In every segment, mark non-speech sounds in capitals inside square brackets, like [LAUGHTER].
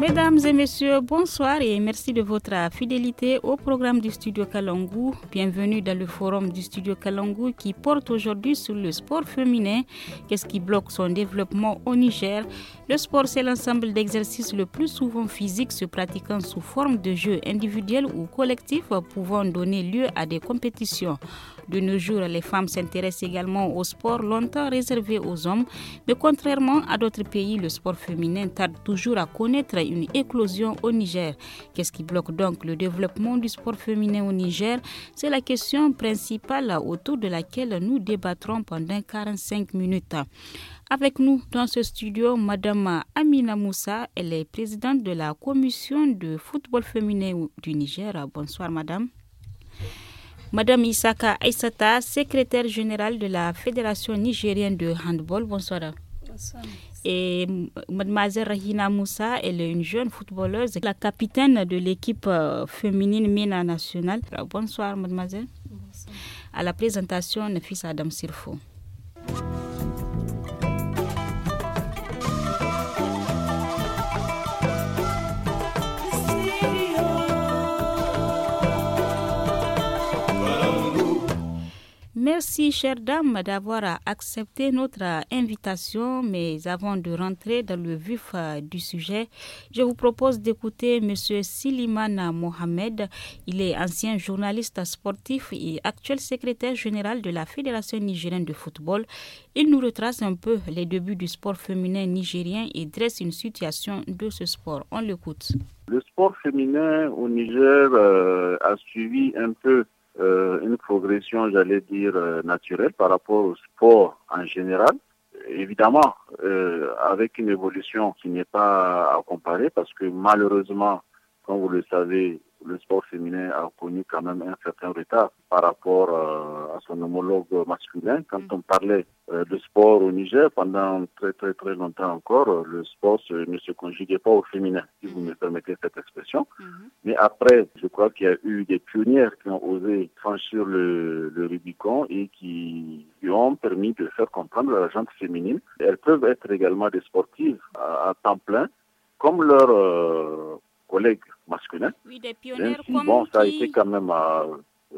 Mesdames et messieurs, bonsoir et merci de votre fidélité au programme du Studio Kalangou. Bienvenue dans le forum du Studio Kalangou qui porte aujourd'hui sur le sport féminin. Qu'est-ce qui bloque son développement au Niger Le sport, c'est l'ensemble d'exercices le plus souvent physiques se pratiquant sous forme de jeux individuels ou collectifs pouvant donner lieu à des compétitions. De nos jours, les femmes s'intéressent également au sport longtemps réservé aux hommes, mais contrairement à d'autres pays, le sport féminin tarde toujours à connaître une éclosion au Niger. Qu'est-ce qui bloque donc le développement du sport féminin au Niger C'est la question principale autour de laquelle nous débattrons pendant 45 minutes. Avec nous dans ce studio, Madame Amina Moussa, elle est présidente de la commission de football féminin du Niger. Bonsoir, Madame. Madame Isaka Aissata, secrétaire générale de la Fédération nigérienne de handball. Bonsoir. Et mademoiselle Rahina Moussa, elle est une jeune footballeuse, la capitaine de l'équipe euh, féminine MENA nationale. Bonsoir mademoiselle. Bonsoir. À la présentation, fils Adam Sirfo. Merci, chère dame, d'avoir accepté notre invitation, mais avant de rentrer dans le vif euh, du sujet, je vous propose d'écouter M. Silimana Mohamed. Il est ancien journaliste sportif et actuel secrétaire général de la Fédération nigérienne de football. Il nous retrace un peu les débuts du sport féminin nigérien et dresse une situation de ce sport. On l'écoute. Le sport féminin au Niger euh, a suivi un peu euh, une progression, j'allais dire, euh, naturelle par rapport au sport en général. Évidemment, euh, avec une évolution qui n'est pas à comparer parce que malheureusement, comme vous le savez, le sport féminin a connu quand même un certain retard par rapport euh, à son homologue masculin. Quand mm. on parlait euh, de sport au Niger, pendant très très très longtemps encore, euh, le sport ne se conjuguait pas au féminin, si vous mm. me permettez cette expression. Mm-hmm. Mais après, je crois qu'il y a eu des pionnières qui ont osé franchir le, Rubicon et qui lui ont permis de faire comprendre la gente féminine. Elles peuvent être également des sportives à, temps plein, comme leurs collègues masculin. Oui, des pionniers comme bon, euh, ça a été quand même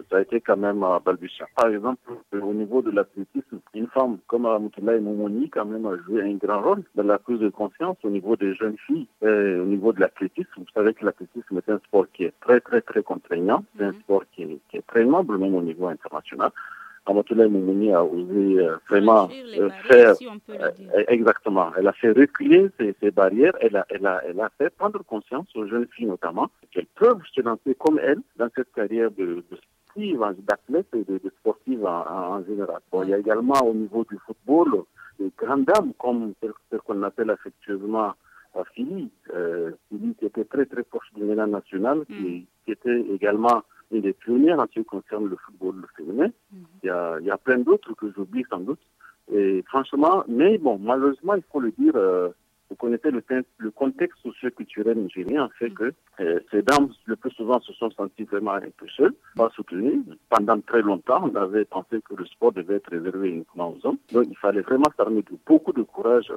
ça a été quand même balbutiant. Par exemple, euh, au niveau de l'athlétisme, une femme comme Moutila Moumouni, quand même, a joué un grand rôle dans la prise de conscience au niveau des jeunes filles euh, au niveau de l'athlétisme. Vous savez que l'athlétisme est un sport qui est très, très, très contraignant. un mhm. sport qui est, qui est très noble, même au niveau international. Amatoulaye Moumouni a osé vraiment euh, faire euh, exactement. Elle a fait reculer ces, barrières. Elle a, elle a, elle a fait prendre conscience aux jeunes filles notamment qu'elles peuvent se lancer comme elle dans cette carrière de, de sportive, d'athlète et de, sportive en, en général. Bon, il y a également au niveau du football des grandes dames comme celle qu'on appelle affectueusement Philly, Philly euh, qui était très très proche du national, qui, hmm. qui était également des pionnières en ce qui concerne le football féminin. Mhm. Il y, a, plein d'autres que j'oublie sans doute. Et franchement, mais bon, malheureusement, il faut le dire, euh, vous connaissez le, le contexte socio-culturel en fait mhm. que euh, ces dames, le plus souvent, se sont senties vraiment un peu seules, pas soutenues. Pendant très longtemps, on avait pensé que le sport devait être réservé uniquement aux hommes. Donc, il fallait vraiment s'armer de beaucoup de courage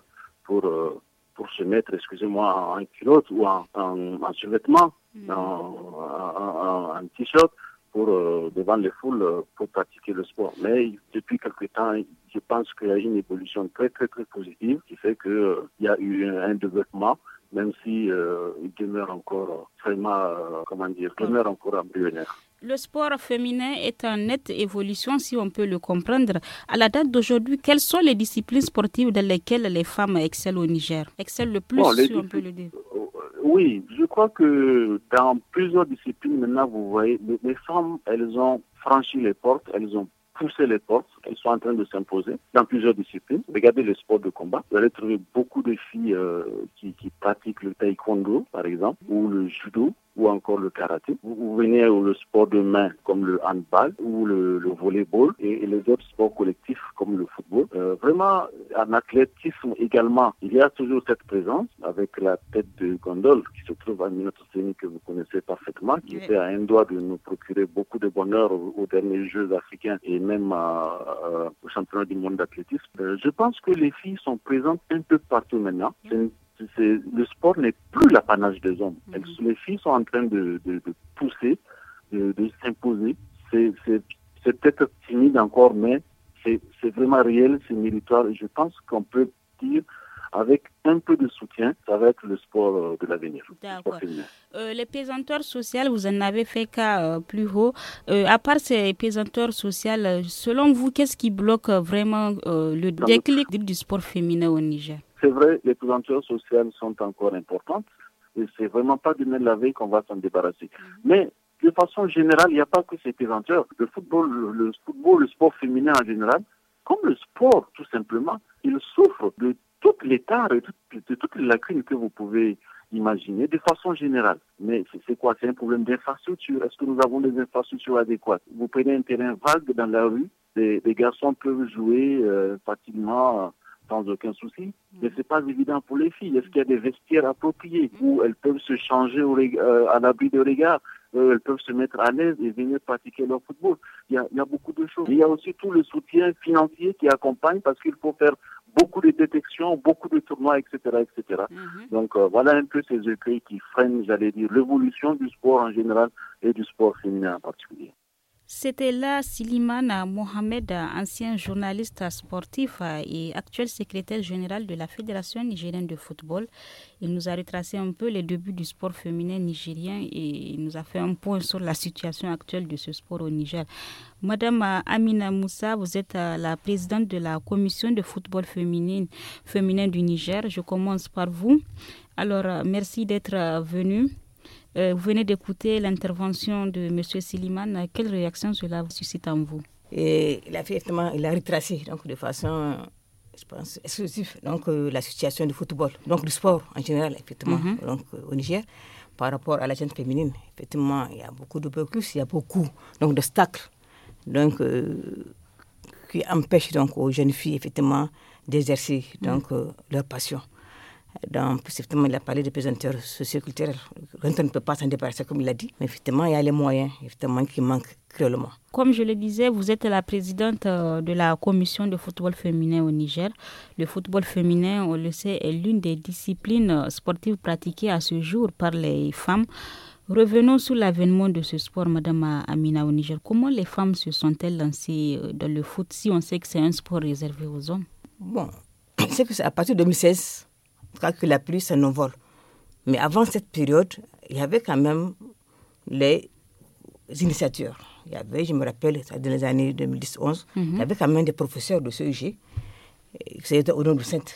pour euh, pour se mettre, excusez-moi, en culotte ou en, en, en survêtement, mm. en, en t-shirt, pour euh, devant les foules euh, pour pratiquer le sport. Mais depuis quelques temps, je pense qu'il y a une évolution très très très positive qui fait que euh, il y a eu un, développement même si il demeure encore vraiment, comment dire, demeure encore embryonnaire. Le sport féminin est en nette évolution, si on peut le comprendre. À la date d'aujourd'hui, quelles sont les disciplines sportives dans lesquelles les femmes excellent au Niger Excellent le plus, si on peut le dire. Oui, je crois que dans plusieurs disciplines, maintenant, vous voyez, les femmes, elles ont franchi les portes, elles ont poussé les portes. Elles sont en train de s'imposer dans plusieurs disciplines. Regardez le sport de combat. Vous allez trouver beaucoup de filles euh, qui, qui, pratiquent le taekwondo, par exemple, ou le judo, ou encore le karaté. Vous, venez au sport de main comme le handball ou le, le volleyball et, les autres sports collectifs comme le football. Euh, vraiment, en athlétisme également, il y a toujours cette présence avec la tête de Gondol qui se trouve à scène que vous connaissez parfaitement, qui était à un doigt de nous procurer beaucoup de bonheur aux, derniers Jeux africains et même euh, au championnat du monde d'athlétisme. Euh, je pense que les filles sont présentes un peu partout maintenant le sport n'est plus l'apanage des hommes. Mhm. les filles sont en train de, pousser, de, s'imposer. C'est peut-être timide encore, mais c'est vraiment réel, c'est méritoire. je pense qu'on peut dire avec un peu de soutien, ça va être le sport euh, de l'avenir. D'accord. Euh, les pesanteurs sociales, vous en avez fait cas euh, plus haut. à part ces pesanteurs sociales, selon vous, qu'est-ce qui bloque vraiment le déclic du sport féminin au Niger c'est vrai, les présenteurs sociales sont encore importantes, et c'est vraiment pas demain la veille qu'on va s'en débarrasser. Mhm. Mais de façon générale, il n'y a pas que ces présenteurs. Le football, le, football, le sport féminin en général, comme le sport tout simplement, il souffre de toutes les tares et de, toutes les lacunes que vous pouvez imaginer de façon générale. Mais c'est quoi C'est un problème d'infrastructure. Est-ce que nous avons des infrastructures adéquates Vous prenez un terrain vague dans la rue, les, garçons peuvent jouer euh, facilement sans aucun souci. Mm. Mais c'est pas évident pour les filles. Est-ce qu'il y a des vestiaires appropriés mm. où elles peuvent se changer au, euh, à l'abri de regard euh, Elles peuvent se mettre à l'aise et venir pratiquer leur football. Il y, a, beaucoup de choses. il y a aussi tout le soutien financier qui accompagne parce qu'il faut faire beaucoup de détections, beaucoup de tournois, etc. etc. Mm-hmm. Donc euh, voilà un peu ces écrits qui freinent, j'allais dire, l'évolution du sport en général et du sport féminin en particulier. C'était là Silimana Mohamed, ancien journaliste sportif et actuel secrétaire général de la Fédération nigérienne de football. Il nous a retracé un peu les débuts du sport féminin nigérien et il nous a fait un point sur la situation actuelle de ce sport au Niger. Madame Amina Moussa, vous êtes euh, la présidente de la commission de football féminin, féminin du Niger. Je commence par vous. Alors, euh, merci d'être euh, venue. Euh, vous venez d'écouter l'intervention de M. Silliman. Quelle réaction cela suscite en vous Et Il a effectivement, il a retracé donc, de façon, je pense, exclusive donc, euh, la situation du football, donc du sport en général, effectivement, mhm. donc, euh, au Niger. Par rapport à la gente féminine, effectivement, il y a beaucoup de blocus, il y a beaucoup d'obstacles donc, qui empêchent donc, aux jeunes filles, effectivement, d'exercer mhm. donc, leur passion. Donc, effectivement, il a parlé de pesanteurs socioculturels. on ne peut pas s'en débarrasser, comme il l'a dit, mais effectivement, il y a les moyens effectivement, qui manquent cruellement. Comme je le disais, vous êtes la présidente euh, de la commission de football féminin au Niger. Le football féminin, on le sait, est l'une des disciplines euh, sportives pratiquées à ce jour par les femmes. Revenons sur l'avènement de ce sport, Madame Amina, au Niger. Comment les femmes se sont-elles lancées euh, dans le foot si on sait que c'est un sport réservé aux hommes Bon, [COUGHS] c'est que c'est à partir de 2016 cas que la pluie, ça nous vole. Mais avant cette période, il y avait quand même les initiateurs. Il y avait, je me rappelle, dans les années 2010-11, mhm. il y avait quand même des professeurs de CEG, c'était au nom du Sainte,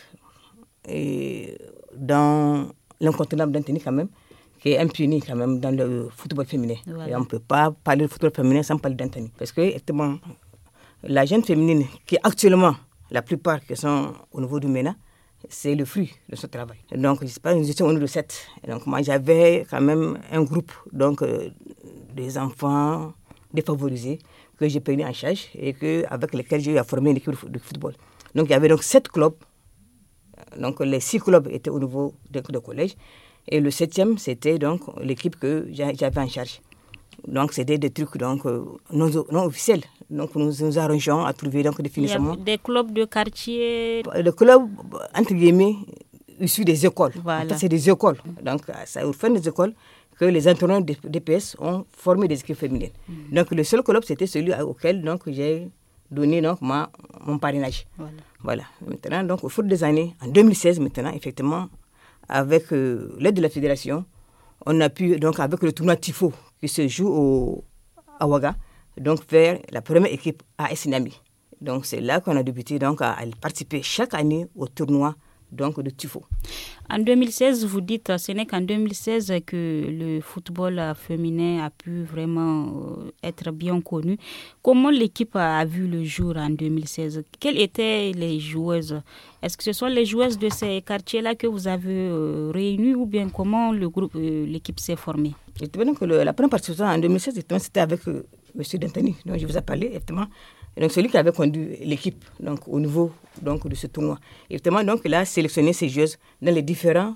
et dans l'incontournable d'Anthony quand même, qui est impuni quand même dans le football féminin. Et on ne peut pas parler de football féminin sans parler d'Anthony. Parce que, effectivement, la jeune féminine qui est actuellement la plupart qui sont au niveau du MENA, c'est le fruit de ce travail. Donc, je sais pas, nous étions niveau de Et donc, moi, j'avais quand même un groupe donc, euh, des enfants défavorisés que j'ai pris en charge et que, avec lesquels j'ai formé une équipe de football. Donc, il y avait donc sept clubs. Donc, les six clubs étaient au niveau de, de collège. Et le septième, c'était donc l'équipe que j'avais en charge. Donc, c'était des trucs donc, euh, non, officiels. Donc, nous nous arrangeons à trouver donc, des financements. Des clubs de quartier. Le club, entre guillemets, issu des écoles. Voilà. C'est des écoles. Donc, c'est au fin des écoles que les entraîneurs d'EPS ont formé des équipes féminines. Hmm. Donc, le seul club, c'était celui auquel j'ai donné donc, ma, mon parrainage. Voilà. Maintenant, donc, au fur des années, en 2016, maintenant, effectivement, avec euh, l'aide de la fédération, on a pu, donc avec le tournoi TIFO qui se joue au, à Ouaga, donc vers la première équipe à Essinami. Donc c'est là qu'on a débuté donc à, participer chaque année au tournoi donc de Tifo. En 2016, vous dites, ce n'est qu'en 2016 que le football féminin a pu vraiment euh, être bien connu. Comment l'équipe a vu le jour en 2016 Quelles étaient les joueuses Est-ce que ce sont les joueuses de ces quartiers-là que vous avez euh, réunies ou bien comment le groupe, euh, l'équipe s'est formée le, la première participation en 2016, c'était avec Monsieur M. Dantani, dont je vous ai parlé, effectivement. Donc, celui qui avait conduit l'équipe donc, au niveau donc, de ce tournoi. Effectivement, donc, il a sélectionné ses joueuses dans les différents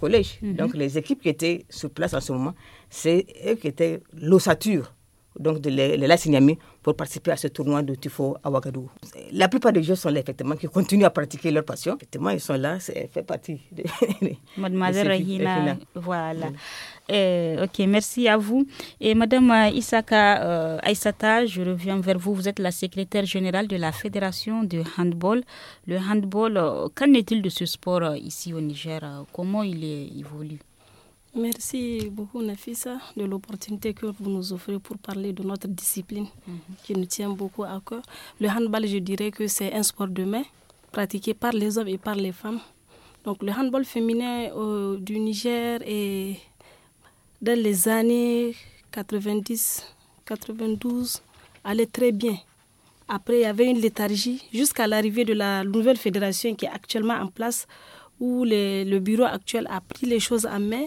collèges. Mm-hmm. Donc, les équipes qui étaient sur place en ce moment, c'est eux qui étaient l'ossature donc de Lassignami pour participer à ce tournoi de Tifo à Ouagadougou. La plupart des joueuses sont là, effectivement, qui continuent à pratiquer leur passion. Effectivement, ils sont là, c'est fait partie de. [LAUGHS] Mademoiselle Rahina, voilà. Eh, ok, merci à vous. Et Madame Isaka euh, je reviens vers vous. Vous êtes la secrétaire générale de la Fédération de handball. Le handball, euh, qu'en est-il de ce sport euh, ici au Niger euh, Comment il est, évolue Merci beaucoup Nafisa de l'opportunité que vous nous offrez pour parler de notre discipline mhm. qui nous tient beaucoup à cœur. Le handball, je dirais que c'est un sport de main pratiqué par les hommes et par les femmes. Donc le handball féminin du Niger est dans les années 90, 92, allait très bien. Après, il y avait une léthargie jusqu'à l'arrivée de la nouvelle fédération qui est actuellement en place, où le bureau actuel a pris les choses en main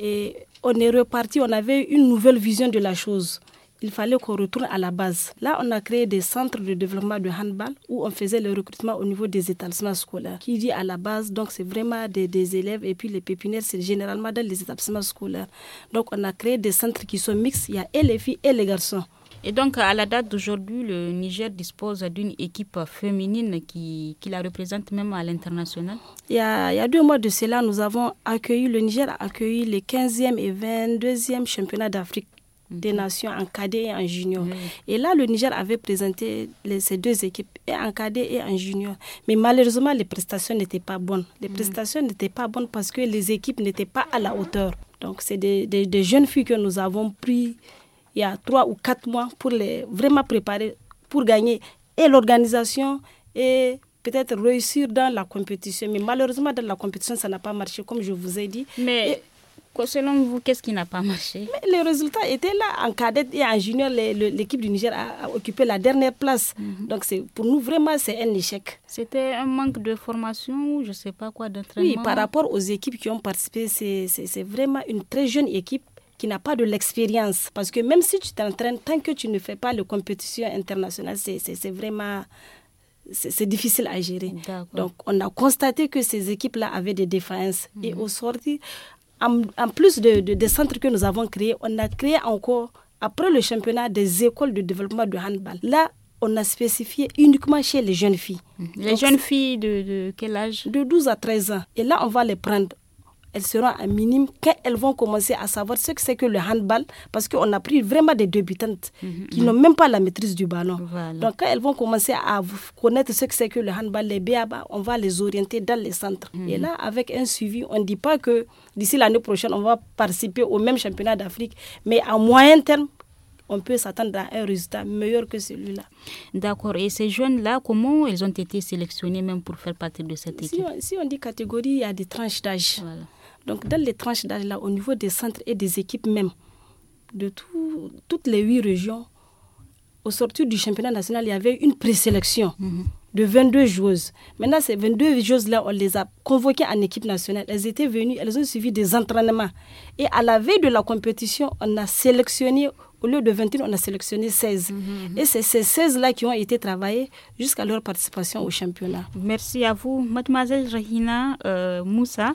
et on est reparti, on avait une nouvelle vision de la chose il fallait qu'on retourne à la base. Là, on a créé des centres de développement de handball où on faisait le recrutement au niveau des établissements scolaires. Qui dit à la base, donc c'est vraiment des, élèves et puis les pépinières, c'est généralement dans les établissements scolaires. Donc on a créé des centres qui sont mixtes, il y a et les filles et les garçons. Et donc, à la date d'aujourd'hui, le Niger dispose d'une équipe féminine qui, la représente même à l'international il, y a deux mois de cela, nous avons accueilli, le Niger a accueilli les 15e et 22e championnats d'Afrique Mhm. des nations en cadet et en junior. Mhm. Et là, le Niger avait présenté ces deux équipes, et en cadet et en junior. Mais malheureusement, les prestations n'étaient pas bonnes. Les mhm. prestations n'étaient pas bonnes parce que les équipes n'étaient pas à la hauteur. Donc, c'est des, des, jeunes filles que nous avons pris il y a trois ou quatre mois pour les vraiment préparer pour gagner et l'organisation et peut-être réussir dans la compétition. Mais malheureusement, dans la compétition, ça n'a pas marché, comme je vous ai dit. Mais selon vous, qu'est-ce qui n'a pas marché Mais Les résultats étaient là. En cadette et en junior, l'équipe du Niger a, occupé la dernière place. Mhm. Donc pour nous, vraiment, c'est un échec. C'était un manque de formation ou je ne sais pas quoi d'entraînement Oui, par rapport aux équipes qui ont participé, c'est vraiment une très jeune équipe qui n'a pas de l'expérience. Parce que même si tu t'entraînes, tant que tu ne fais pas les compétitions internationales, c'est vraiment c'est difficile à gérer. Donc, on a constaté que ces équipes-là avaient des défaillances. Et mhm. au sorti, en, plus de, des centres que nous avons créés, on a créé encore, après le championnat, des écoles de développement de handball. Là, on a spécifié uniquement chez les jeunes filles. Mhm. Les jeunes filles de, de, quel âge De 12 à 13 ans. Et là, on va les prendre elles seront à minime quand elles vont commencer à savoir ce que c'est que le handball, parce qu'on a pris vraiment des débutantes mhm, mhm. qui n'ont même pas la maîtrise du ballon. Donc quand elles vont commencer à connaître ce que c'est que le handball, les BABA, on va les orienter dans les centres. Mhm. Et là, avec un suivi, on ne dit pas que d'ici l'année prochaine, on va participer au même championnat d'Afrique, mais à moyen terme, on peut s'attendre à un résultat meilleur que celui-là. D'accord. Et ces jeunes-là, comment ils ont été sélectionnés même pour faire partie de cette équipe si on, si on dit catégorie, il y a des tranches d'âge. Voilà. Donc, dans les tranches d'âge, au niveau des centres et des équipes même, de toutes les huit régions, au sortir du championnat national, il y avait une présélection mhm. de 22 joueuses. Maintenant, ces 22 joueuses-là, on les a convoquées en équipe nationale. Elles étaient venues, elles ont suivi des entraînements. Et à la veille de la compétition, on a sélectionné, au lieu de 21, on a sélectionné 16. Mhm, mhm. Et c'est ces 16-là qui ont été travaillées jusqu'à leur participation au championnat. Merci à vous, mademoiselle Rahina euh, Moussa.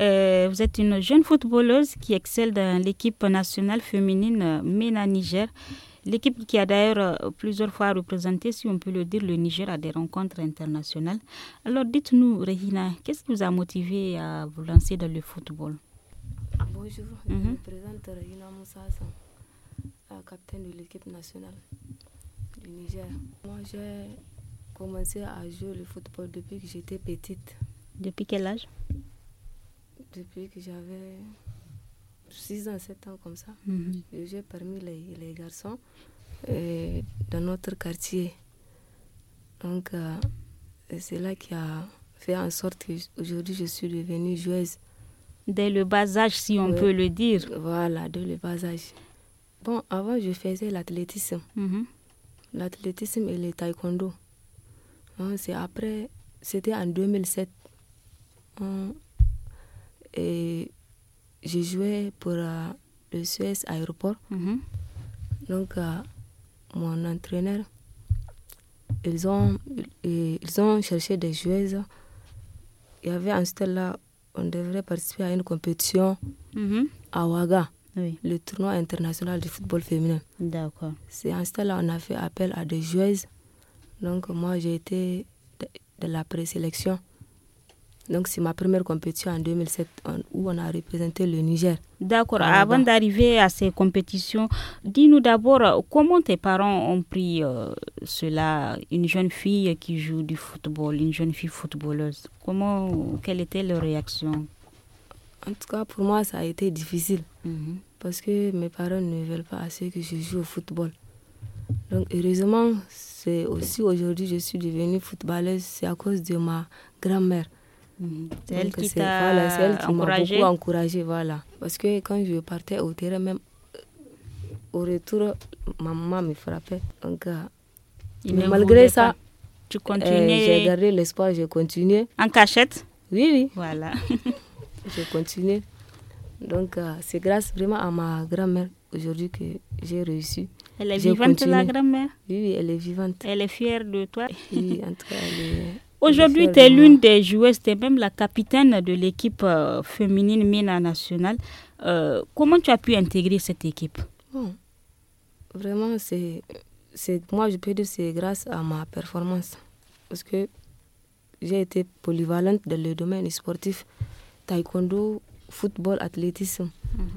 Euh, vous êtes une jeune footballeuse qui excelle dans l'équipe nationale féminine euh, MENA Niger. L'équipe qui a d'ailleurs euh, plusieurs fois représenté, si on peut le dire, le Niger à des rencontres internationales. Alors dites-nous, Regina, qu'est-ce qui vous a motivé à vous lancer dans le football Bonjour, je mhm. me présente Regina Moussa capitaine de l'équipe nationale du Niger. Moi, j'ai commencé à jouer le football depuis que j'étais petite. Depuis quel âge depuis que j'avais 6 ans, 7 ans comme ça. Mhm. j'ai parmi les, garçons euh, dans notre quartier. Donc, euh, c'est là qui a fait en sorte que aujourd'hui je suis devenue joueuse. Dès le bas âge, si on euh, peut le dire. Voilà, dès le bas âge. Bon, avant, je faisais l'athlétisme. Mhm. L'athlétisme et le taekwondo. Hein, c'est après, c'était en 2007 et j'ai joué pour euh, le Suez aéroport. Mhm. Donc, euh, mon entraîneur, ils ont, ils ont cherché des joueuses. Il y avait un stade là, on devrait participer à une compétition mhm. à Ouaga. le tournoi international du football féminin. D'accord. C'est un stade là on a fait appel à des joueuses. Donc moi j'ai été de la présélection. Donc c'est ma première compétition en 2007 où on a représenté le Niger. D'accord. Avant d'arriver à ces compétitions, dis-nous d'abord comment tes parents ont pris euh, cela, une jeune fille qui joue du football, une jeune fille footballeuse. Comment, quelle était leur réaction En tout cas, pour moi, ça a été difficile mhm. parce que mes parents ne veulent pas assez que je joue au football. Donc heureusement, c'est aussi aujourd'hui je suis devenue footballeuse, c'est à cause de ma grand-mère. Mhm. C'est elle, qui m'a beaucoup encouragé Voilà. Parce que quand je partais au terrain, même euh, au retour, ma maman me frappait. mais malgré ça, tu euh, j'ai gardé l'espoir, j'ai continué. En cachette Oui, oui. Voilà. [LAUGHS] j'ai continué. Donc, euh, c'est grâce vraiment à ma grand-mère aujourd'hui que j'ai réussi. Elle est vivante, la grand-mère Oui, oui, elle est vivante. Elle est fière de toi Oui, en tout cas, elle est Aujourd'hui, tu es l'une des joueuses, tu es même la capitaine de l'équipe euh, féminine MENA nationale. Euh, comment tu as pu intégrer cette équipe Vraiment, c'est, moi, je peux dire que c'est grâce à ma performance. Parce que j'ai été polyvalente dans le domaine sportif taekwondo, football, athlétisme. Mhm.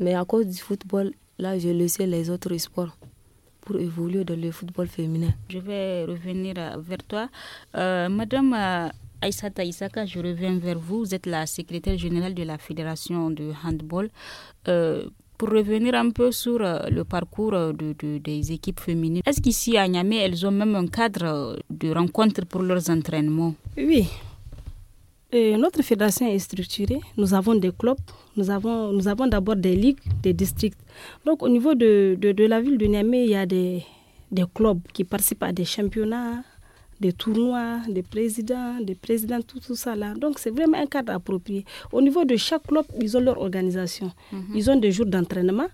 Mais à cause du football, là, j'ai laissé les autres sports pour évoluer dans le football féminin. Je vais revenir vers toi. Euh, Madame euh, Aïsata Isaka, je reviens vers vous. Vous êtes la secrétaire générale de la Fédération de handball. Euh, pour revenir un peu sur le parcours des équipes féminines, est-ce qu'ici à Niamey, elles ont même un cadre de rencontre pour leurs entraînements Oui, notre fédération est structurée. Nous avons des clubs, nous avons, nous avons d'abord des ligues, des districts. Donc au niveau de, de, la ville de Niamey, il y a des, des, clubs qui participent à des championnats, des tournois, des présidents, des présidents, tout, tout ça là. Donc c'est vraiment un cadre approprié. Au niveau de chaque club, ils ont leur organisation. Mhm. Ils ont des jours d'entraînement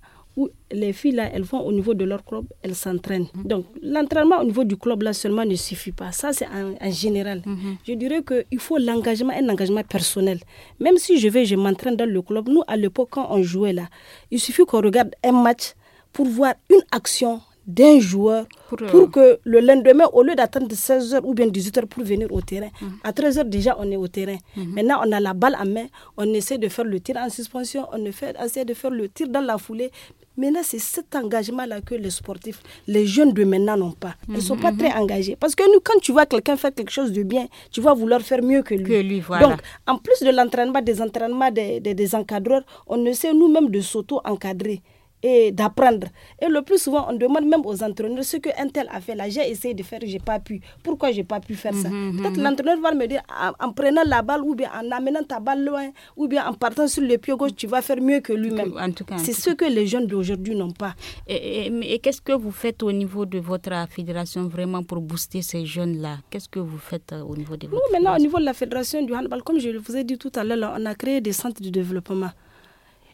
les filles là, elles vont au niveau de leur club, elles s'entraînent. Mhm. Donc l'entraînement au niveau du club là seulement ne suffit pas. Ça c'est en, général. Mhm. Je dirais que il faut l'engagement, un engagement personnel. Même si je vais, je m'entraîne dans le club. Nous à l'époque quand on jouait là, il suffit qu'on regarde un match pour voir une action d'un joueur pour, euh, que le lendemain, au lieu d'attendre 16h ou bien 18h pour venir au terrain, mhm. à 13h déjà on est au terrain. Mhm. Maintenant on a la balle à main, on essaie de faire le tir en suspension, on essaie de faire le tir dans la foulée. Maintenant, c'est cet engagement-là que les sportifs, les jeunes de maintenant n'ont pas. Ils ne sont pas mhm. très engagés. Parce que nous, quand tu vois quelqu'un faire quelque chose de bien, tu vas vouloir faire mieux que lui. Donc, en plus de l'entraînement, des entraînements des, des, des encadreurs, on essaie nous-mêmes de s'auto-encadrer et d'apprendre. Et le plus souvent, on demande même aux entraîneurs ce un tel a fait là. J'ai essayé de faire, j'ai pas pu. Pourquoi j'ai pas pu faire ça mhm, mhm, Peut-être mhm. l'entraîneur va me dire en, prenant la balle ou bien en amenant ta balle loin ou bien en partant sur le pied gauche, tu vas faire mieux que lui-même. En tout cas. C'est ce que les jeunes d'aujourd'hui n'ont pas. Et, qu'est-ce que vous faites au niveau de votre fédération vraiment pour booster ces jeunes-là Qu'est-ce que vous faites euh, au niveau de votre maintenant, au niveau de la fédération du handball, comme je vous ai dit tout à l'heure, on a créé des centres de développement.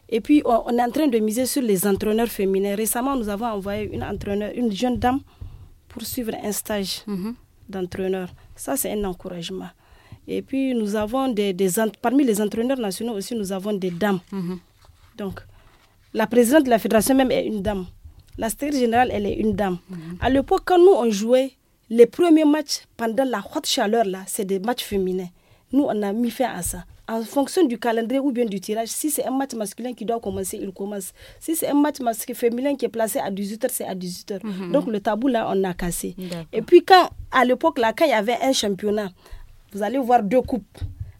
Et puis, oh, on est en train de miser sur les entraîneurs féminins. Récemment, nous avons envoyé une entraîneur, une jeune dame, pour suivre un stage mhm. d'entraîneur. Ça, c'est un encouragement. Et puis, nous avons des, parmi les entraîneurs nationaux aussi, nous avons des dames. Mhm. Donc, la présidente de la fédération même est une dame. La secrétaire générale, elle est une dame. Mhm. À l'époque, quand nous, on jouait les premiers matchs pendant la haute chaleur, là, c'est des matchs féminins. Nous, on a mis fin à ça en fonction du calendrier ou bien du tirage, si c'est un match masculin qui doit commencer, il commence. Si c'est un match féminin qui est placé à 18h, c'est à 18h. Mhm. Donc le tabou là, on a cassé. Et puis quand, à l'époque là, quand il y avait un championnat, vous allez voir deux coupes.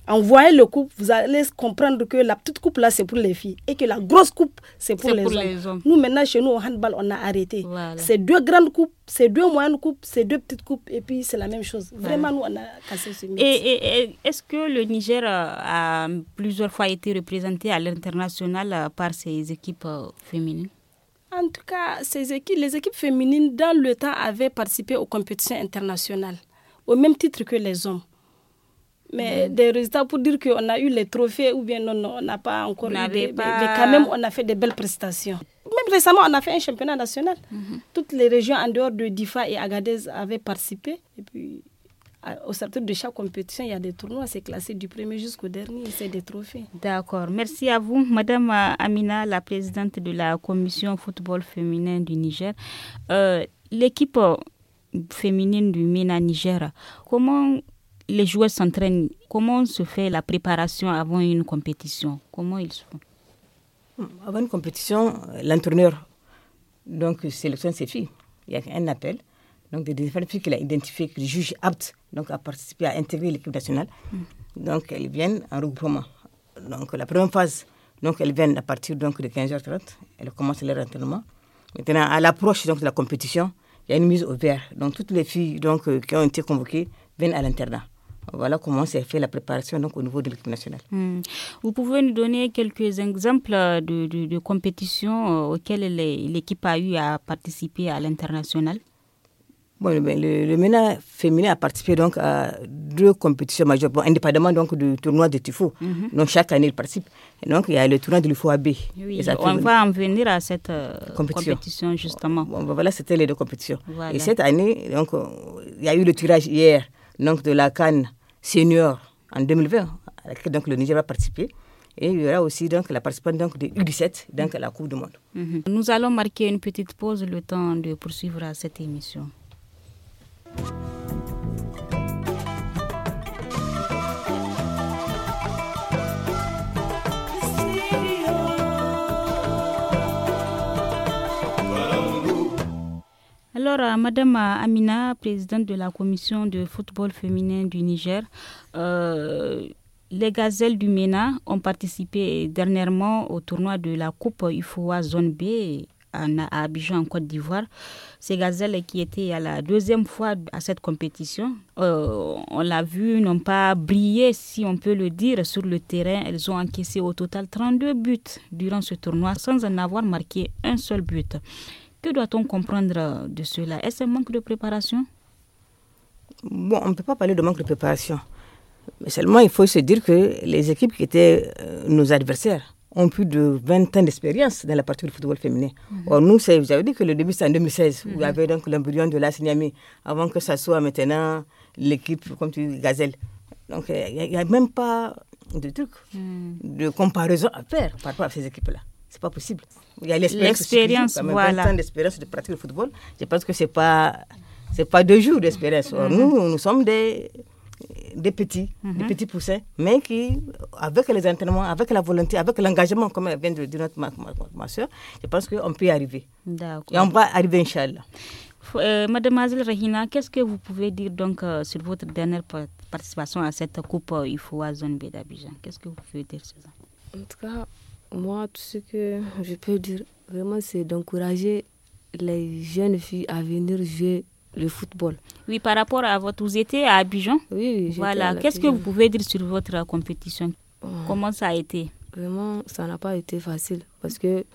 En le couple, vous allez comprendre que la petite coupe là, c'est pour les filles et que la grosse coupe, c'est pour, les, hommes. Nous, maintenant, chez nous, au handball, on a arrêté. Ces C'est deux grandes coupes, c'est deux moyennes coupes, c'est deux petites coupes et puis c'est la même chose. Vraiment, nous, on a cassé ce mix. Et, est-ce que le Niger euh, a plusieurs fois été représenté à l'international euh, par ses équipes euh, féminines en tout cas, ces les équipes féminines, dans le temps, avaient participé aux compétitions internationales, au même titre que les hommes mais mm-hmm. des résultats pour dire qu'on a eu les trophées ou bien non, non on n'a pas encore eu des, Mais quand même, on a fait des belles prestations. Même récemment, on a fait un championnat national. Mm-hmm. Toutes les régions en dehors de Difa et Agadez avaient participé. Et puis, au sortir de chaque compétition, il y a des tournois, c'est classé du premier jusqu'au dernier, c'est des trophées. D'accord. Merci à vous, Madame euh, Amina, la présidente de la commission football féminin du Niger. Euh, l'équipe euh, féminine du MENA Niger, comment les joueurs s'entraînent, comment se fait la préparation avant une compétition Comment ils se font hmm, Avant une compétition, euh, l'entraîneur, donc euh, sélectionne ses filles. Il y a un appel. Donc, des différentes filles qu'il a identifiées, qu'il juge aptes donc, à participer, à intégrer l'équipe nationale. Hmm. Donc, elles viennent en regroupement. Donc, la première phase, donc, elles viennent à partir donc, de 15h30. Elles commencent leur entraînement. Maintenant, à l'approche donc, de la compétition, il y a une mise au vert. Donc, toutes les filles donc, euh, qui ont été convoquées viennent à l'internat. Voilà comment s'est fait la préparation donc, au niveau de l'équipe nationale. Hmm. Vous pouvez nous donner quelques exemples de, compétitions euh, auxquelles l'équipe a eu à participer à l'international Bon, le, le, MENA féminin a participé donc à deux compétitions majeures, indépendamment donc du tournoi de Tifo. Mhm. Donc chaque année, il participe. donc il y a le tournoi de l'UFOAB. AB. on va en venir à cette euh, compétition. justement. voilà, c'était les deux compétitions. Et cette année, donc, euh, il y a eu le tirage hier donc de la Cannes senior en 2020, donc le Niger va participer. Et il y aura aussi donc la participante donc de U17 donc à la Coupe du Monde. Mhm. Nous allons marquer une petite pause, le temps de poursuivre cette émission. Alors, euh, Madame euh, Amina, présidente de la commission de football féminin du Niger, euh, les gazelles du MENA ont participé dernièrement au tournoi de la Coupe IFOA Zone B à Abidjan, en Côte d'Ivoire. Ces gazelles qui étaient à la deuxième fois à cette compétition, on l'a vu, n'ont pas brillé, si on peut le dire, sur le terrain. Elles ont encaissé au total 32 buts durant ce tournoi sans en avoir marqué un seul but. Que doit-on comprendre de cela Est-ce un manque de préparation Bon, on ne peut pas parler de manque de préparation. Mais seulement, il faut se dire que les équipes qui étaient euh, nos adversaires ont plus de 20 ans d'expérience dans la partie du football féminin. Mhm. Or, nous, dit que le début, c'est en 2016, vous où il y mhm. avait donc de la avant que ça soit maintenant l'équipe, comme tu dis, Gazelle. Donc, il n'y a, même pas de truc, mhm. de comparaison à faire par rapport à ces équipes-là c'est pas possible. Il y a l'expérience. Voilà. 20 de pratique le football, je pense que c'est pas c'est pas deux jours d'expérience. Mm-hmm. Nous, nous sommes des des petits, des mm-hmm. petits poussins, mais qui, avec les entraînements, avec la volonté, avec l'engagement, comme vient de dire notre ma, ma, soeur, je pense qu'on peut y arriver. Et on va arriver, Inch'Allah. Euh, mademoiselle Rahina, qu'est-ce que vous pouvez dire donc euh, sur votre dernière participation à cette Coupe euh, IFOA Zone B d'Abidjan Qu'est-ce que vous pouvez dire sur ça En tout cas, moi, tout ce que je peux dire, vraiment, c'est d'encourager les jeunes filles à venir jouer le football. Oui, par rapport à votre... Vous étiez à Abidjan Oui, Voilà. Qu'est-ce que vous pouvez dire sur votre compétition Comment ça a été Vraiment, ça n'a pas été facile parce que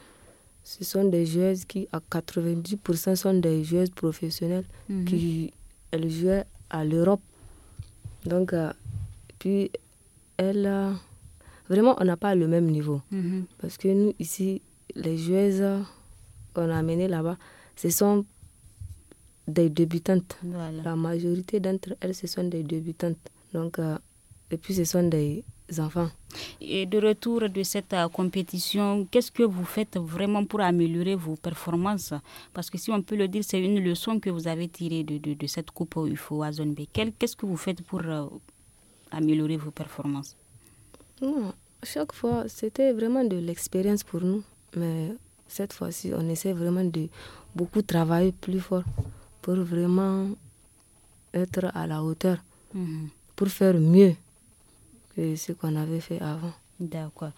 ce sont des joueuses qui, à 90%, sont des joueuses professionnelles mhm. qui elles jouaient à l'Europe. Donc, euh, puis, elles... Vraiment, on n'a pas le même niveau. Mhm. Parce que nous, ici, les joueuses qu'on a amenées là-bas, ce sont des débutantes. La majorité d'entre elles, ce sont des débutantes. Donc, euh, et puis, ce sont des enfants. Et de retour de cette euh, compétition, qu'est-ce que vous faites vraiment pour améliorer vos performances Parce que si on peut le dire, c'est une leçon que vous avez tirée de, cette Coupe UFO à Zone B. Qu'est-ce que vous faites pour euh, améliorer vos performances non, chaque fois, c'était vraiment de l'expérience pour nous. Mais cette fois-ci, on essaie vraiment de beaucoup travailler plus fort pour vraiment être à la hauteur, mhm. pour faire mieux que ce qu'on avait fait avant. D'accord.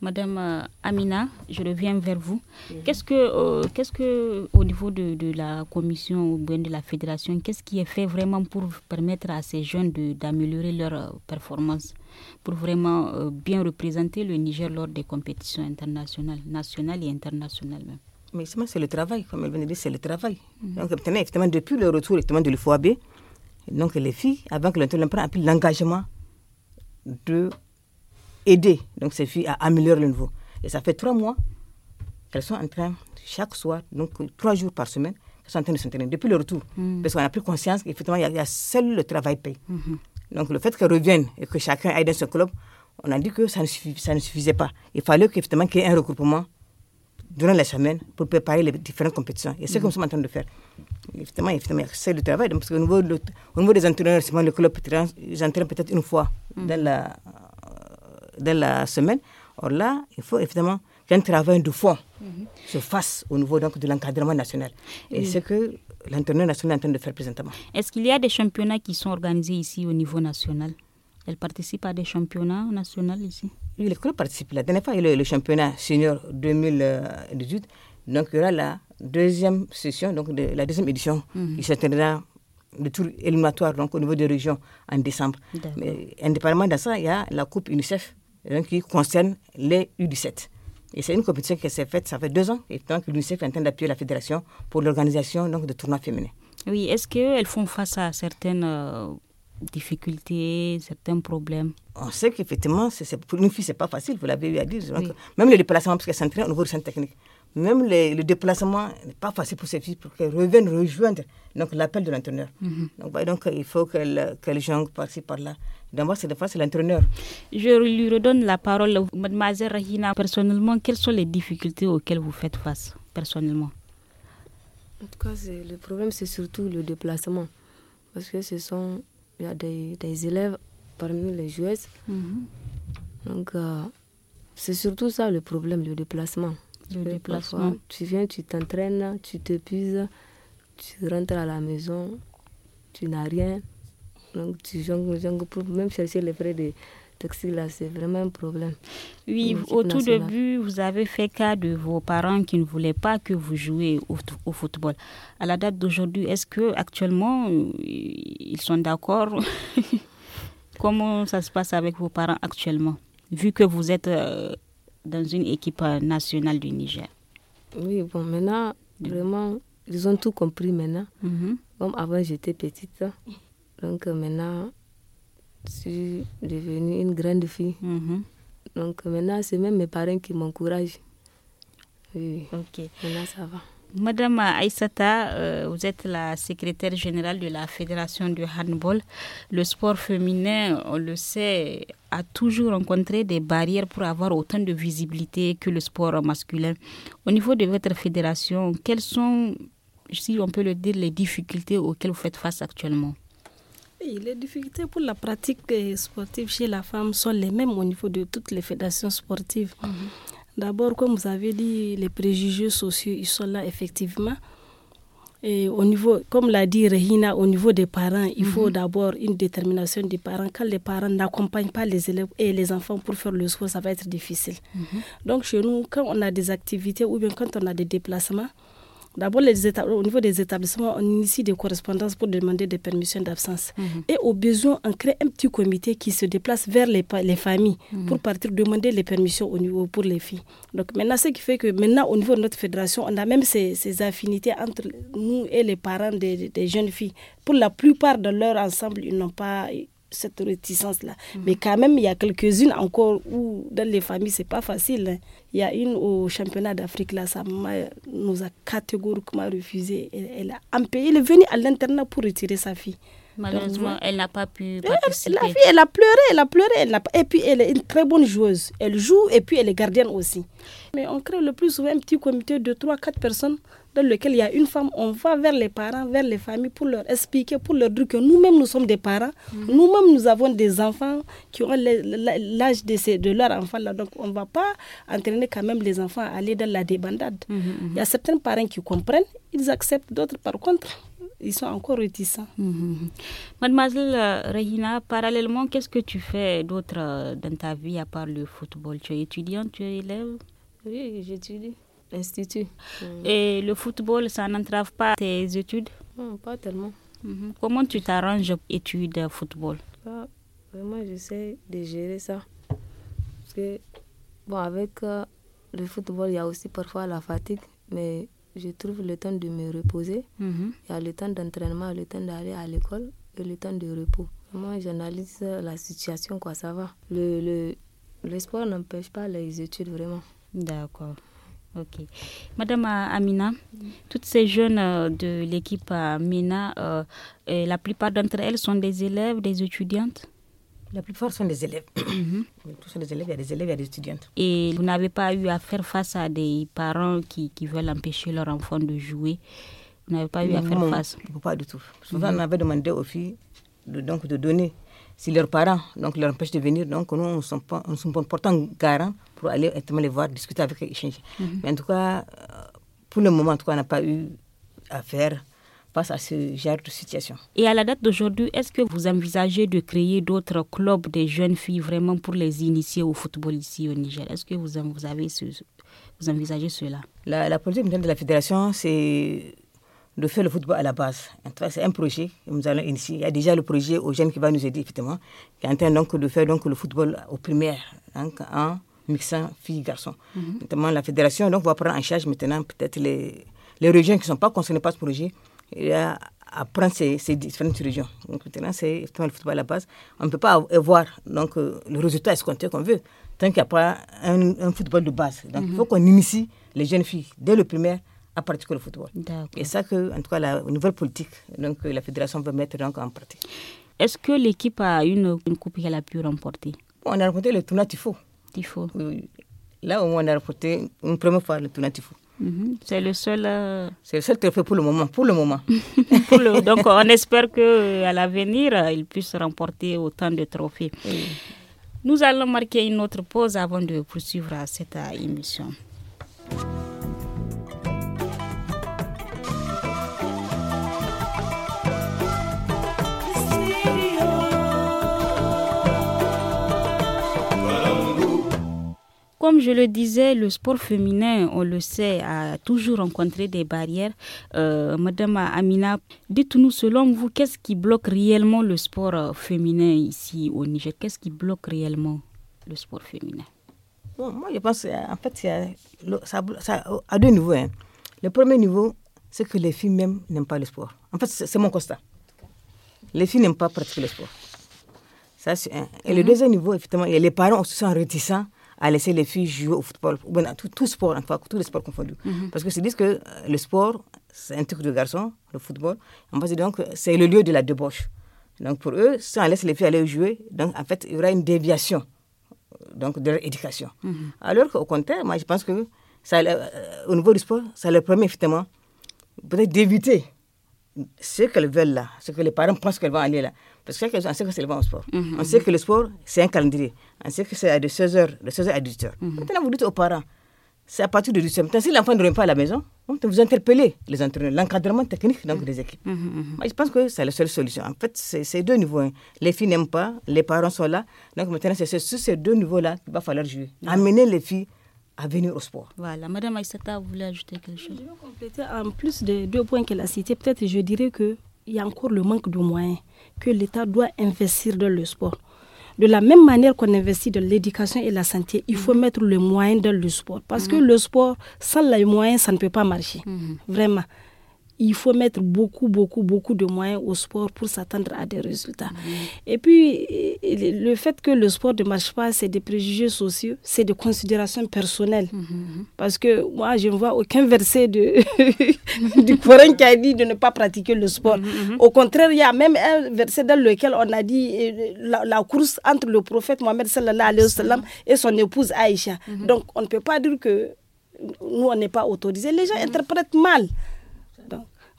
Madame euh, Amina, je reviens vers vous. Qu'est-ce que, euh, qu'est-ce que, au niveau de, la commission ou bien de la fédération, qu'est-ce qui est fait vraiment pour permettre à ces jeunes d'améliorer leur euh, performance pour vraiment euh, bien représenter le Niger lors des compétitions internationales, nationales et internationales même. Mais c'est le travail, comme elle venait de dire, c'est le travail. Mm. Donc, depuis le retour de l'UFOAB, donc les filles, avant que l'on prenne, ont pris l'engagement de aider donc, ces filles à améliorer le niveau. Et ça fait trois mois qu'elles sont en train, chaque soir, donc trois jours par semaine, sont en train de s'entraîner depuis le retour. Mm. Parce qu'on a pris conscience qu'effectivement, il y, a seul le travail payé. Mm-hmm. Donc le fait qu'elle revienne et que chacun aille dans son club, on a dit que ça ne, ça ne suffisait pas. Il fallait qu'il y ait un regroupement durant la semaine pour préparer les différentes compétitions. Et c'est comme que qu'on est en train de faire. Effectivement, effectivement c'est le travail. parce qu'au niveau, des entraîneurs, le club, entraîne peut-être une fois mm. dans, la, semaine. Or là, il faut effectivement qu'un travail de fond mm-hmm. se fasse au niveau donc, de l'encadrement national. Et mm. c'est que l'international est en train de faire présentement. Est-ce qu'il y a des championnats qui sont organisés ici au niveau national Elle participe à des championnats nationaux ici Oui, les club participent. La dernière fois, il y a le championnat senior 2018. Euh, donc, il y aura la deuxième session, donc de, la deuxième édition mm -hmm. qui le tour éliminatoire donc, au niveau des régions en décembre. Mais indépendamment de ça, il y a la Coupe UNICEF donc, qui concerne les U17. Et c'est une compétition qui s'est faite, ça fait deux ans, et tant que l'UNICEF est en train d'appuyer la fédération pour l'organisation donc, de tournois féminins. Oui, est-ce qu'elles font face à certaines euh, difficultés, certains problèmes On sait qu'effectivement, pour une fille, ce n'est pas facile, vous l'avez eu à dire. Même le déplacement, parce qu'elle s'entraîne au niveau du centre technique même le déplacement n'est pas facile pour ces filles pour qu'elles reviennent rejoindre donc l'appel de l'entraîneur. Mhm. Bah, donc, il faut que les gens par par-là. D'abord, c'est de face l'entraîneur. Je lui redonne la parole. Mademoiselle Rahina, personnellement, quelles sont les difficultés auxquelles vous faites face, personnellement En tout cas, le problème, c'est surtout le déplacement. Parce que ce sont il y a des, élèves parmi les joueuses. Mhm. Donc, euh, c'est surtout ça le problème, le déplacement le déplacement. Tu viens, tu t'entraînes, tu t'épuises, tu rentres à la maison, tu n'as rien. Donc tu jongles, jongles même chercher les frais de taxi là, c'est vraiment un problème. Oui, au tout début, vous avez fait cas de vos parents qui ne voulaient pas que vous jouiez au, football. À la date d'aujourd'hui, est-ce que actuellement euh, ils sont d'accord [LAUGHS] Comment ça se passe avec vos parents actuellement Vu que vous êtes euh, dans une équipe euh, nationale du Niger. Oui, bon, maintenant, vraiment, ils ont tout compris maintenant. Mhm. Comme avant, j'étais petite. Donc maintenant, je suis devenue une grande fille. Mhm. Donc maintenant, c'est même mes parents qui m'encouragent. Oui, ok. Maintenant, ça va. Madame Aïsata, euh, vous êtes la secrétaire générale de la Fédération du handball. Le sport féminin, on le sait, a toujours rencontré des barrières pour avoir autant de visibilité que le sport masculin. Au niveau de votre fédération, quelles sont, si on peut le dire, les difficultés auxquelles vous faites face actuellement les difficultés pour la pratique euh, sportive chez la femme sont les mêmes au niveau de toutes les fédérations sportives. Mhm. D'abord, comme vous avez dit, les préjugés sociaux, ils sont là effectivement. Et au niveau, comme l'a dit Rehina, au niveau des parents, il faut mhm. d'abord une détermination des parents. Quand les parents n'accompagnent pas les élèves et les enfants pour faire le sport, ça va être difficile. Mhm. Donc chez nous, quand on a des activités ou bien quand on a des déplacements, D'abord, au niveau des établissements, on initie des correspondances pour demander des permissions d'absence. Mhm. Et au besoin, on crée un petit comité qui se déplace vers les, les familles mhm. pour partir demander les permissions au niveau pour les filles. Donc maintenant, ce qui fait que maintenant, au niveau de notre fédération, on a même ces, affinités entre nous et les parents des, des jeunes filles. Pour la plupart de leur ensemble, ils n'ont pas cette réticence-là. Mm. Mais quand même, il y a quelques-unes encore où, dans les familles, c'est pas facile. Hein. Il y a une au championnat d'Afrique, là, sa maman nous a catégoriquement refusé. Elle, elle, a empêché. Elle est venue à l'internat pour retirer sa fille. Malheureusement, elle n'a pas pu participer. La fille, elle a pleuré, elle a pleuré. Elle Et puis, elle est une très bonne joueuse. Elle joue et puis elle est gardienne aussi. Mais on crée le plus souvent un petit comité de 3-4 personnes dans lequel il y a une femme. On va vers les parents, vers les familles pour leur expliquer, pour leur dire que nous-mêmes, nous sommes des parents. Mhm. Nous-mêmes, nous avons des enfants qui ont l'âge de, de leur enfant. Là. Donc, on ne va pas entraîner quand même les enfants à aller dans la débandade. Mhm, mhm. Il y a certains parents qui comprennent, ils acceptent, d'autres par contre ils sont encore réticents. Mhm. Mademoiselle euh, Regina, parallèlement, qu'est-ce que tu fais d'autre euh, dans ta vie à part le football Tu es étudiante, tu es élève Oui, j'étudie. Institut. Mhm. Et le football, ça n'entrave pas tes études pas tellement. Mhm. Comment tu t'arranges études euh, football Moi, Vraiment, j'essaie de gérer ça. Parce que, bon, avec le football, il y a aussi parfois la fatigue, mais je trouve le temps de me reposer. Mhm. Il y a le temps d'entraînement, le temps d'aller à l'école et le temps de repos. Moi, j'analyse la situation, quoi, ça va. Le, le, le sport n'empêche pas les études, vraiment. D'accord. Ok. Madame Amina, toutes ces jeunes euh, de l'équipe euh, Amina, euh, la plupart d'entre elles sont des élèves, des étudiantes la plupart sont des élèves. [COUGHS] Mhm. Tous sont des élèves, il y a des élèves, il y a des étudiantes. Et vous n'avez pas eu à faire face à des parents qui, qui veulent empêcher leur enfant de jouer Vous n'avez pas eu à faire non, face Pas du tout. Souvent, mhm. on avait demandé aux filles de, donc, de donner. Si leurs parents donc, leur empêchent de venir, donc nous, on sommes pas, on pourtant garants pour aller les voir, discuter avec eux, échanger. Mhm. Mais en tout cas, euh, pour le moment, on n'a pas eu à faire face à ce genre de situation. Et à la date d'aujourd'hui, est-ce que vous envisagez de créer d'autres clubs des jeunes filles vraiment pour les initier au football ici au Niger Est-ce que vous, avez vous envisagez cela la, politique de la fédération, c'est de faire le football à la base. C'est un projet que nous allons initier. Il y a déjà le projet aux jeunes qui va nous aider, effectivement, qui est en train donc de faire donc, le football aux primaires, donc, en mixant filles-garçons. Mhm. la fédération donc, va prendre en charge maintenant peut-être les, les régions qui ne sont pas concernées par ce projet il y a à prendre ces, différentes régions. Donc maintenant, c'est le football à la base. On ne peut pas avoir euh, donc, euh, le résultat escompté qu'on veut tant qu'il n'y a pas un, football de base. Donc il faut mhm. qu'on initie les jeunes filles dès le primaire à pratiquer le football. Et ça que, en tout cas, la nouvelle politique donc, euh, la fédération veut mettre donc, en pratique. Est-ce que l'équipe a une, une coupe qu'elle a pu remporter On a remporté le tournoi Tifo. Tifo. Là moins on a remporté une première fois le tournoi Tifo. Mhm. C'est le seul. Euh, C'est le seul trophée pour le moment. Pour le moment. [LAUGHS] Donc on espère que euh, à l'avenir euh, il puisse remporter autant de trophées. Nous allons marquer une autre pause avant de poursuivre cette émission. Comme je le disais, le sport féminin, on le sait, a toujours rencontré des barrières. Euh, Madame Amina, dites-nous selon vous, qu'est-ce qui bloque réellement le sport euh, féminin ici au Niger Qu'est-ce qui bloque réellement le sport féminin Moi, je pense, euh, en fait, ça, ça, à deux niveaux. Hein. Le premier niveau, c'est que les filles même n'aiment pas le sport. En fait, c'est mon constat. Les filles n'aiment pas pratiquer le sport. Ça, Et le mhm. deuxième niveau, effectivement, les parents se sont réticents à laisser les filles jouer au football, ou à tout, sport, enfin, tous les sports confondus. Mhm. Parce que c'est disent que euh, le sport, c'est un truc de garçon, le football. On donc, c'est le lieu de la débauche. Donc pour eux, si on laisse les filles aller jouer, donc en fait, il y aura une déviation euh, donc, de leur éducation. Mhm. Alors qu'au contraire, moi, je pense que ça, euh, au niveau du sport, ça leur permet effectivement peut-être d'éviter ce qu'elles veulent là, ce que les parents pensent qu'elles vont aller là. Parce que sait que c'est le bon sport. Mhm, on sait mhm. que le sport, c'est un calendrier. On sait que c'est à 16h, de 16h à 18h. Mhm. Maintenant, vous dites aux parents, c'est à partir de 18h. Maintenant, si l'enfant ne revient pas à la maison, vous interpellez les entraîneurs, l'encadrement technique donc, des équipes. Moi, je pense que c'est la seule solution. En fait, c'est deux niveaux. Hein. Les filles n'aiment pas, les parents sont là. Donc maintenant, c'est sur ces deux niveaux-là qu'il va falloir jouer. Amener les filles à venir au sport. Voilà, Madame Aïssata, vous voulez ajouter quelque chose Je vais compléter en plus des deux points qu'elle a cités. Peut-être je dirais qu'il y a encore le manque de moyens que l'État doit investir dans le sport. De la même manière qu'on investit dans l'éducation et la santé, il faut mettre le moyen dans le sport. Parce que mhm. le sport, sans les moyens, ça ne peut pas marcher. Mhm. Vraiment il faut mettre beaucoup, beaucoup, beaucoup de moyens au sport pour s'attendre à des résultats. Mhm. Et puis, euh, le fait que le sport ne marche pas, c'est des préjugés sociaux, c'est des considérations personnelles. Mhm, mhm. Parce que moi, je ne vois aucun verset de, [LAUGHS] du Coran qui a dit de ne pas pratiquer le sport. Au contraire, il y a même un verset dans lequel on a dit euh, la, course entre le prophète Mohamed alayhi et son épouse Aïcha. Donc, on ne peut pas dire que nous, on n'est pas autorisé. Les gens interprètent mal.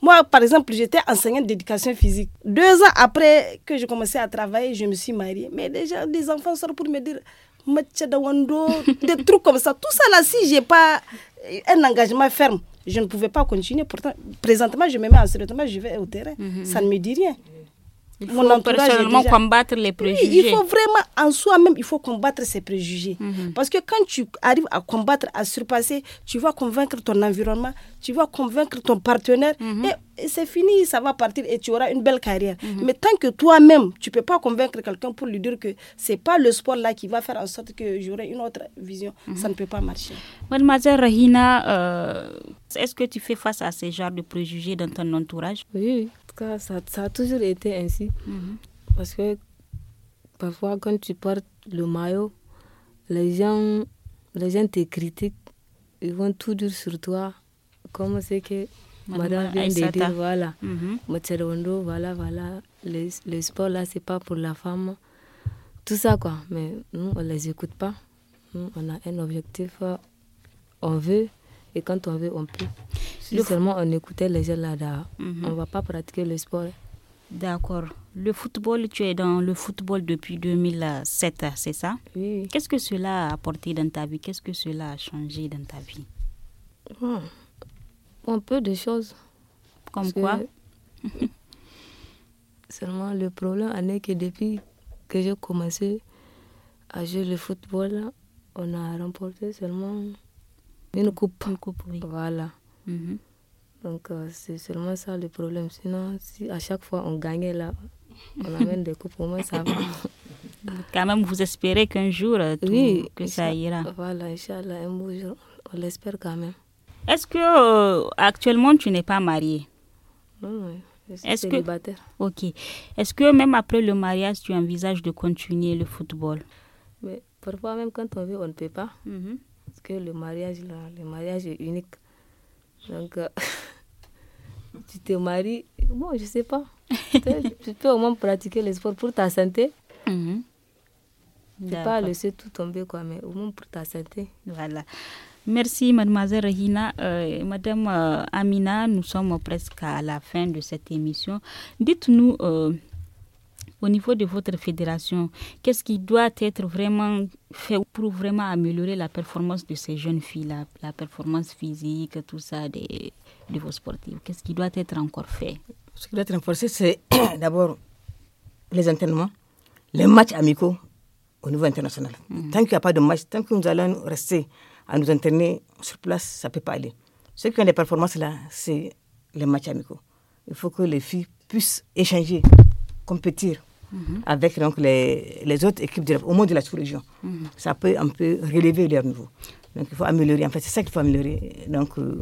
Moi, par exemple, j'étais enseignante d'éducation physique. Deux ans après que je commençais à travailler, je me suis mariée. Mais déjà, des enfants sortent pour me dire [LAUGHS] des trucs comme ça. Tout ça là, si j'ai pas un engagement ferme, je ne pouvais pas continuer. Pourtant, présentement, je me mets en secrétaire, je vais au terrain. Mhm. Ça ne me dit rien. Il faut personnellement combattre les préjugés. Oui, il faut vraiment en soi-même, il faut combattre ses préjugés. Mhm. Parce que quand tu arrives à combattre, à surpasser, tu vas convaincre ton environnement, tu vas convaincre ton partenaire mhm. et, c'est fini, ça va partir et tu auras une belle carrière. Mhm. Mais tant que toi-même, tu peux pas convaincre quelqu'un pour lui dire que c'est pas le sport là qui va faire en sorte que j'aurai une autre vision, ça ne peut pas marcher. Mademoiselle Rahina, euh, est-ce que tu fais face à ces genres de préjugés dans ton entourage Oui ça, ça a toujours été ainsi. Mhm. Parce que parfois, quand tu portes le maillot, les gens, les gens te critiquent. Ils vont tout dire sur toi. Comme c'est que madame, vient de mhm. voilà, voilà, voilà, le, sport là, c'est pas pour la femme. Tout ça, quoi. Mais nous, on les écoute pas. on a un objectif, euh, on veut. Et quand on veut, on peut. seulement on écoutait les gens là mhm. on va pas pratiquer le sport. D'accord. Le football, tu es dans le football depuis 2007, c'est ça Oui. Qu'est-ce que cela a apporté dans ta vie Qu'est-ce que cela a changé dans ta vie oh, Un peu de choses. Comme quoi [LAUGHS] Seulement le problème en est que depuis que j'ai commencé à jouer le football, on a remporté seulement une coupe. Une coupe, oui. Voilà. Mhm. Donc, euh, c'est seulement ça le problème. Sinon, si à chaque fois on gagnait là, on [LAUGHS] amène des coupes, au moins ça va. Quand même, vous espérez qu'un jour, euh, oui, que ça ira. Voilà, Inch'Allah, un beau jour, on l'espère quand même. Est-ce que euh, actuellement tu n'es pas mariée Non, non. Est-ce que Ok. Est-ce que même après le mariage, tu envisages de continuer le football Mais parfois même quand on veut, on ne peut pas. Mhm que le mariage, là, le mariage est unique. Donc, euh, [LAUGHS] tu te maries, bon, je sais pas. tu peux au moins pratiquer le sport pour ta santé. Mm pas Ne pas laisser tout tomber, quoi, mais au moins pour ta santé. Voilà. Merci, mademoiselle Regina. Euh, madame euh, Amina, nous sommes presque à la fin de cette émission. Dites-nous au niveau de votre fédération, qu'est-ce qui doit être vraiment fait pour vraiment améliorer la performance de ces jeunes filles, la, la performance physique, tout ça de, de vos sportifs Qu'est-ce qui doit être encore fait Ce qui doit être renforcé, c'est [CLEARS THROAT] d'abord les entraînements, les matchs amicaux au niveau international. Mm. Tant qu'il n'y a pas de match, tant que nous allons rester à nous entraîner sur place, ça ne peut pas aller. Ceux qui ont des performances là, c'est les matchs amicaux. Il faut que les filles puissent échanger, compétir Mm-hmm. avec donc les, les autres équipes au monde de la sous-région. Mm-hmm. Ça peut un peu relever leur niveau. Donc il faut améliorer. En fait, c'est ça qu'il faut améliorer donc, euh,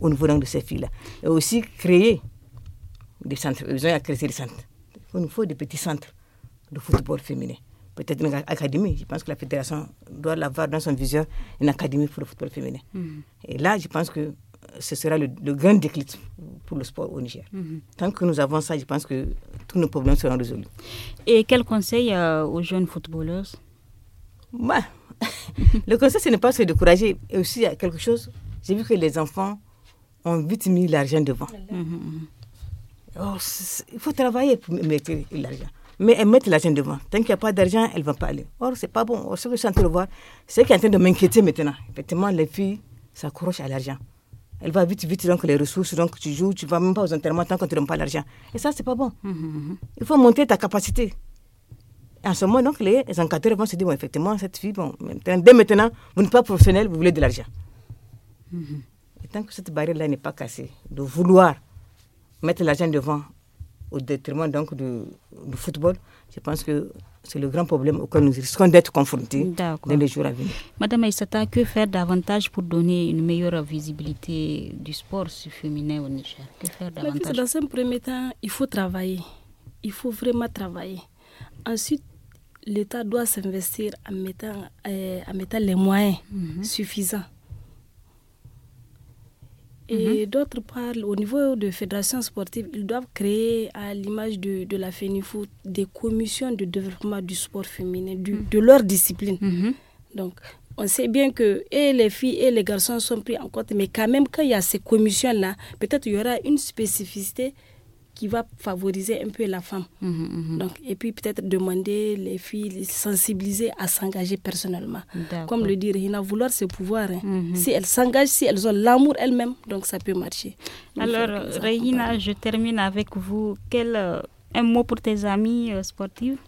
au niveau donc, de ces filles-là. Et aussi créer des centres. besoin de créer des centres. Il nous faut des petits centres de football féminin. Peut-être une académie. Je pense que la fédération doit l'avoir dans son viseur, une académie pour le football féminin. Mm-hmm. Et là, je pense que ce sera le, grand déclic pour le sport au Niger. Mhm. Tant que nous avons ça, je pense que tous nos problèmes seront résolus. Et quel conseil euh, aux jeunes footballeuses bah, [LAUGHS] Le conseil, ce n'est pas se décourager. Et aussi, il y a quelque chose, j'ai vu que les enfants ont vite mis l'argent devant. Mhm, mhm. Oh, il faut travailler pour mettre l'argent. Mais elles mettent l'argent devant. Tant qu'il n'y a pas d'argent, elles ne vont pas aller. Or, ce n'est pas bon. ce que je suis en train de voir, c'est qui est en train de m'inquiéter maintenant. Effectivement, les filles s'accrochent à l'argent elle va vite, vite, donc les ressources, donc tu joues, tu ne vas même pas aux enterrements tant qu'on ne n'as pas l'argent. Et ça, ce n'est pas bon. Hum, hum, hum, Il faut monter ta capacité. En ce moment, donc, les enquêteurs vont se dire, bon, effectivement, cette fille, bon, dès maintenant, vous n'êtes pas professionnel, vous voulez de l'argent. Et tant que cette barrière-là n'est pas cassée, de vouloir mettre l'argent devant au détriment donc du, football. Je pense que c'est le grand problème auquel nous risquons d'être confrontés dans les jours à venir. Madame Aïssata, que faire davantage pour donner une meilleure visibilité du sport féminin au Niger Que faire davantage Dans un premier temps, il faut travailler. Il faut vraiment travailler. Ensuite, l'État doit s'investir en mettant, euh, en les moyens mhm. suffisants et mhm. d'autre part, au niveau de fédérations sportives, ils doivent créer, à l'image de, de, la FENIFOOT, des commissions de développement du sport féminin, mhm. de leur discipline. Mhm. Donc, on sait bien que et les filles et les garçons sont pris en compte, mais quand même, quand il y a ces commissions-là, peut-être il y aura une spécificité qui va favoriser un peu la femme. Mhm, mhm. Donc, et puis peut-être demander les filles, les sensibiliser à s'engager personnellement. Comme le dit Rina, vouloir c'est pouvoir. Hein. Mhm. Si elles s'engagent, si elles ont l'amour elles-mêmes, donc ça peut marcher. Alors, Rina, je termine avec vous. Quel, euh, un mot pour tes amis euh, sportifs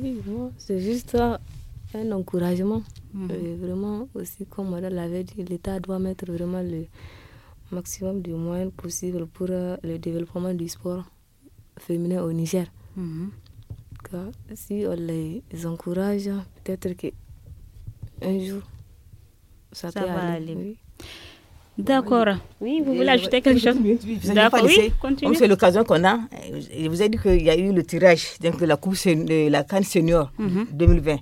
Oui, c'est juste euh, un encouragement. vraiment, aussi comme Madame l'avait dit, l'État doit mettre vraiment le maximum de moyens possibles pour euh, le développement du sport féminin au Niger. Mhm. si on les encourage, peut-être qu'un jour, ça, va aller. D'accord. Oui, vous voulez ajouter quelque [LAUGHS] chose D'accord, oui, C'est l'occasion qu'on a. Je vous ai dit qu'il y a eu le tirage donc de la Coupe la Cannes Senior 2020. Mhm.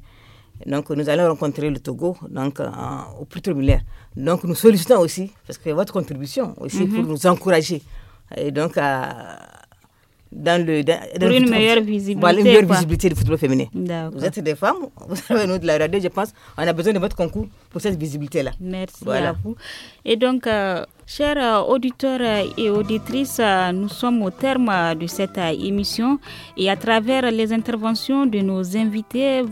Donc, nous allons rencontrer le Togo donc, au plus donc nous sollicitons aussi, parce que votre contribution aussi, mhm. pour nous encourager. Et donc, euh, dans le. Dans, pour une, meilleure visibilité, Pour une meilleure visibilité du football féminin. Vous êtes des femmes, [LAUGHS] vous savez, nous de la radio, je pense, on a besoin de votre concours pour cette visibilité-là. Merci voilà. vous. Et donc, euh, chers euh, auditeurs et auditrices, nous sommes au terme de cette émission et à travers les interventions de nos invités,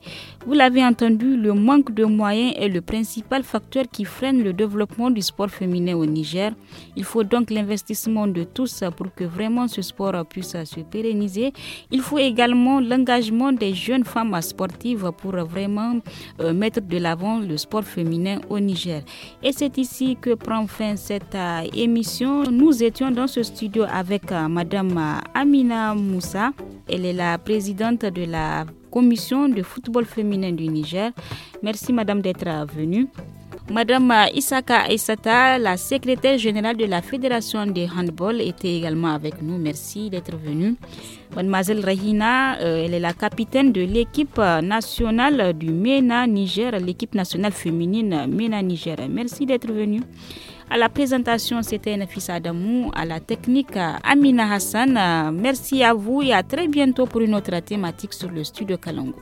vous l'avez entendu, le manque de moyens est le principal facteur qui freine le développement du sport féminin au Niger. Il faut donc l'investissement de tous pour que vraiment ce sport puisse se pérenniser. Il faut également l'engagement des jeunes femmes sportives pour vraiment euh, mettre de l'avant le sport féminin au Niger. Et c'est ici que prend fin cette euh, émission. Nous étions dans ce studio avec euh, Madame Amina Moussa. Elle est la présidente de la commission de football féminin du Niger. Merci Madame d'être venue. Madame Isaka Aissata, la secrétaire générale de la Fédération de handball, était également avec nous. Merci d'être venue. Mademoiselle Rahina, euh, elle est la capitaine de l'équipe nationale du MENA Niger, l'équipe nationale féminine MENA Niger. Merci d'être venue. À la présentation, c'était Nafis Adamou. À la technique, Amina Hassan. Merci à vous et à très bientôt pour une autre thématique sur le studio Kalango.